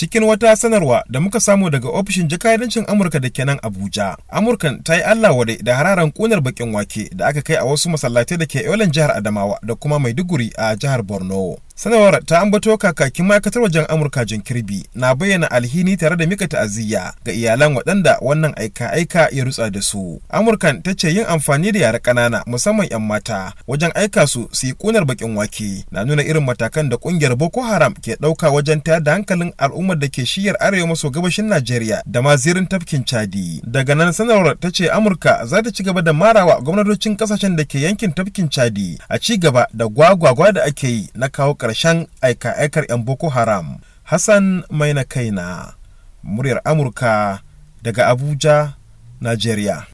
cikin wata sanarwa da muka samu daga ofishin jakadancin amurka da ke nan abuja amurkan ta yi allah wadai da hararan kunar bakin wake da aka kai a wasu masallatai da ke yolan jihar adamawa da kuma maiduguri a jihar borno sanarwar ta ambato kakakin ma'aikatar wajen amurka jin kirby na bayyana alhini tare da mika ta'aziyya ga iyalan waɗanda wannan aika-aika ya rutsa da su amurkan ta ce yin amfani da yara ƙanana musamman 'yan mata wajen aika su su yi ƙunar bakin wake na nuna irin matakan da ƙungiyar boko haram ke ɗauka wajen tayar da hankalin al'ummar da ke shiyar arewa maso gabashin najeriya da ma zirin tafkin chadi daga nan sanarwar ta ce amurka za ta ci gaba da marawa gwamnatocin kasashen da ke yankin tafkin chadi a ci gaba da gwagwagwa da ake yi na kawo ƙarshen aika-aikar 'yan Boko Haram. Hassan mai Maina Kaina, muryar Amurka daga Abuja, Najeriya.